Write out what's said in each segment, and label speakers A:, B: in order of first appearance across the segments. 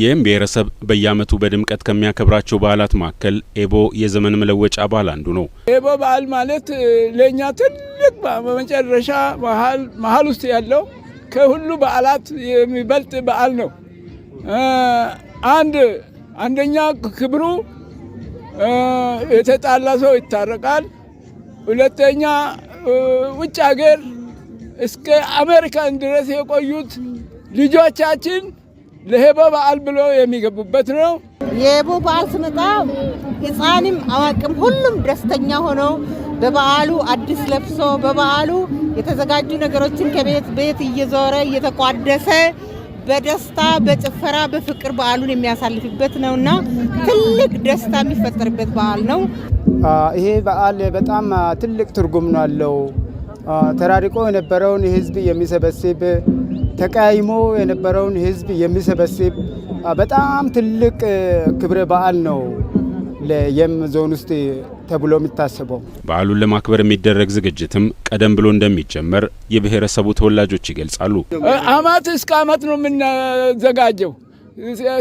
A: ይህም ብሔረሰብ በየዓመቱ በድምቀት ከሚያከብራቸው በዓላት መካከል ኤቦ የዘመን መለወጫ በዓል አንዱ ነው።
B: ኤቦ በዓል ማለት ለእኛ ትልቅ በመጨረሻ መሀል ውስጥ ያለው ከሁሉ በዓላት የሚበልጥ በዓል ነው። አንድ አንደኛ ክብሩ የተጣላ ሰው ይታረቃል። ሁለተኛ ውጭ ሀገር እስከ አሜሪካን ድረስ የቆዩት ልጆቻችን ለሄቦ በዓል ብሎ የሚገቡበት ነው።
C: የሄቦ በዓል ስመጣ ህፃንም አዋቅም ሁሉም ደስተኛ ሆነው በበዓሉ አዲስ ለብሶ በበዓሉ የተዘጋጁ ነገሮችን ከቤት ቤት እየዞረ እየተቋደሰ በደስታ በጭፈራ በፍቅር በዓሉን የሚያሳልፍበት ነው እና ትልቅ ደስታ የሚፈጠርበት በዓል ነው።
D: ይሄ በዓል በጣም ትልቅ ትርጉም ነው አለው። ተራርቆ የነበረውን ህዝብ የሚሰበስብ ተቀያይሞ የነበረውን ህዝብ የሚሰበስብ በጣም ትልቅ ክብረ በዓል ነው ለየም ዞን ውስጥ ተብሎ የሚታሰበው።
A: በዓሉን ለማክበር የሚደረግ ዝግጅትም ቀደም ብሎ እንደሚጀመር የብሔረሰቡ ተወላጆች ይገልጻሉ።
B: አመት እስከ አመት ነው የምንዘጋጀው።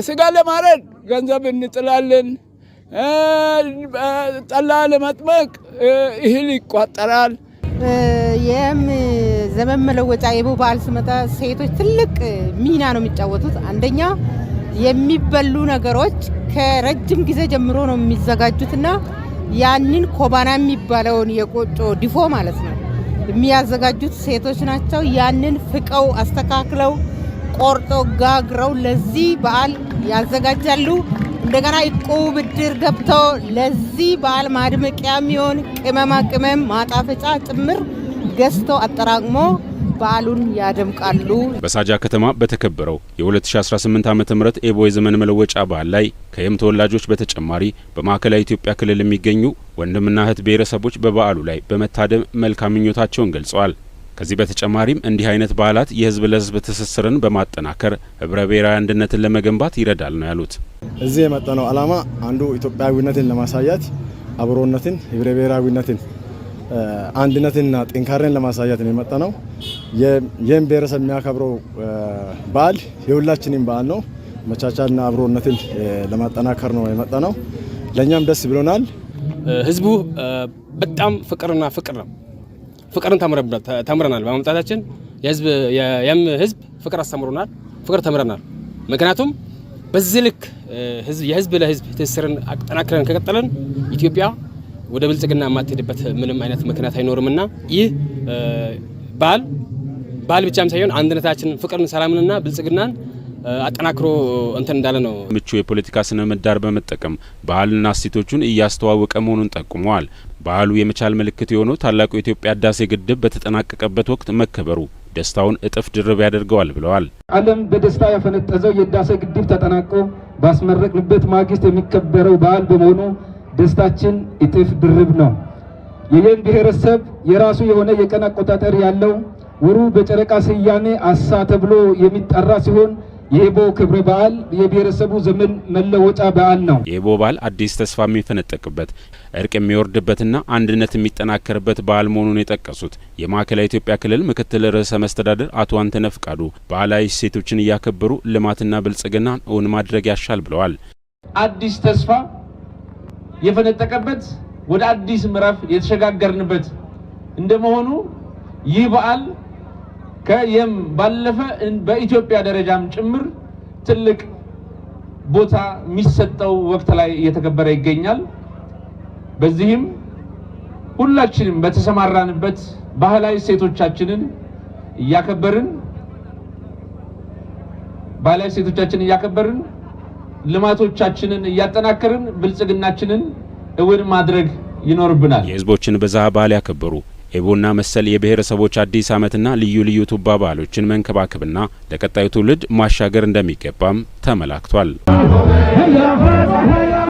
B: ስጋ ለማረድ ገንዘብ እንጥላለን። ጠላ ለመጥመቅ እህል ይቋጠራል።
C: ይህም ዘመን መለወጫ የቦ በዓል ሴቶች ትልቅ ሚና ነው የሚጫወቱት። አንደኛ የሚበሉ ነገሮች ከረጅም ጊዜ ጀምሮ ነው የሚዘጋጁትና ያንን ኮባና የሚባለውን የቆጮ ድፎ ማለት ነው የሚያዘጋጁት ሴቶች ናቸው። ያንን ፍቀው አስተካክለው ቆርጦ ጋግረው ለዚህ በዓል ያዘጋጃሉ። እንደገና እቁ ብድር ገብቶ ለዚህ በዓል ማድመቂያ የሚሆን ቅመማ ቅመም ማጣፈጫ ጭምር ገዝቶ አጠራቅሞ በዓሉን ያደምቃሉ።
A: በሳጃ ከተማ በተከበረው የ2018 ዓ ም ኤቦ የዘመን መለወጫ በዓል ላይ ከየም ተወላጆች በተጨማሪ በማዕከላዊ ኢትዮጵያ ክልል የሚገኙ ወንድምና እህት ብሔረሰቦች በበዓሉ ላይ በመታደም መልካም ምኞታቸውን ገልጸዋል። ከዚህ በተጨማሪም እንዲህ አይነት በዓላት የህዝብ ለህዝብ ትስስርን በማጠናከር ህብረ ብሔራዊ አንድነትን ለመገንባት ይረዳል ነው ያሉት።
E: እዚህ የመጣነው ዓላማ አንዱ ኢትዮጵያዊነትን ለማሳያት አብሮነትን፣ ህብረ ብሔራዊነትን፣ አንድነትንና ጥንካሬን ለማሳያት ነው የመጣነው። ይህም ብሔረሰብ የሚያከብረው በዓል የሁላችንም በዓል ነው። መቻቻልና አብሮነትን ለማጠናከር ነው የመጣነው። ለእኛም ደስ ብሎናል።
F: ህዝቡ በጣም ፍቅርና ፍቅር ነው ፍቅርን ተምረናል። በመምጣታችን የም ህዝብ ፍቅር አስተምሮናል፣ ፍቅር ተምረናል። ምክንያቱም በዚህ ልክ የህዝብ ለህዝብ ትስስርን አጠናክረን ከቀጠለን ኢትዮጵያ ወደ ብልጽግና የማትሄድበት ምንም አይነት ምክንያት አይኖርምና ይህ በዓል በዓል ብቻም ሳይሆን አንድነታችንን፣ ፍቅርን፣ ሰላምንና ብልጽግናን አጠናክሮ እንትን እንዳለ ነው።
A: ምቹ የፖለቲካ ስነ ምህዳር በመጠቀም ባህልና እሴቶቹን እያስተዋወቀ መሆኑን ጠቁመዋል። ባህሉ የመቻል ምልክት የሆነው ታላቁ የኢትዮጵያ ህዳሴ ግድብ በተጠናቀቀበት ወቅት መከበሩ ደስታውን እጥፍ ድርብ ያደርገዋል ብለዋል።
D: ዓለም በደስታ ያፈነጠዘው የህዳሴ ግድብ ተጠናቆ ባስመረቅንበት ማግስት የሚከበረው በዓል በመሆኑ ደስታችን እጥፍ ድርብ ነው። የየም ብሔረሰብ የራሱ የሆነ የቀን አቆጣጠር ያለው ወሩ በጨረቃ ስያሜ አሳ ተብሎ የሚጠራ ሲሆን የኢቦ ክብረ በዓል የብሔረሰቡ ዘመን መለወጫ በዓል ነው።
A: የኢቦ በዓል አዲስ ተስፋ የሚፈነጠቅበት እርቅ የሚወርድበትና አንድነት የሚጠናከርበት በዓል መሆኑን የጠቀሱት የማዕከላዊ ኢትዮጵያ ክልል ምክትል ርዕሰ መስተዳደር አቶ አንተነህ ፍቃዱ ባህላዊ እሴቶችን እያከበሩ ልማትና ብልጽግናን እውን ማድረግ ያሻል ብለዋል።
B: አዲስ ተስፋ የፈነጠቀበት ወደ አዲስ ምዕራፍ የተሸጋገርንበት እንደመሆኑ ይህ በዓል ከየም ባለፈ በኢትዮጵያ ደረጃም ጭምር ትልቅ ቦታ የሚሰጠው ወቅት ላይ እየተከበረ ይገኛል። በዚህም ሁላችንም በተሰማራንበት ባህላዊ እሴቶቻችንን እያከበርን ባህላዊ እሴቶቻችንን እያከበርን ልማቶቻችንን እያጠናከርን ብልጽግናችንን እውን ማድረግ ይኖርብናል።
A: የህዝቦችን ብዝሃ ባህል ያከበሩ ኤቦና መሰል የብሔረሰቦች አዲስ ዓመትና ልዩ ልዩ ቱባ በዓሎችን መንከባከብና ለቀጣዩ ትውልድ ማሻገር እንደሚገባም ተመላክቷል።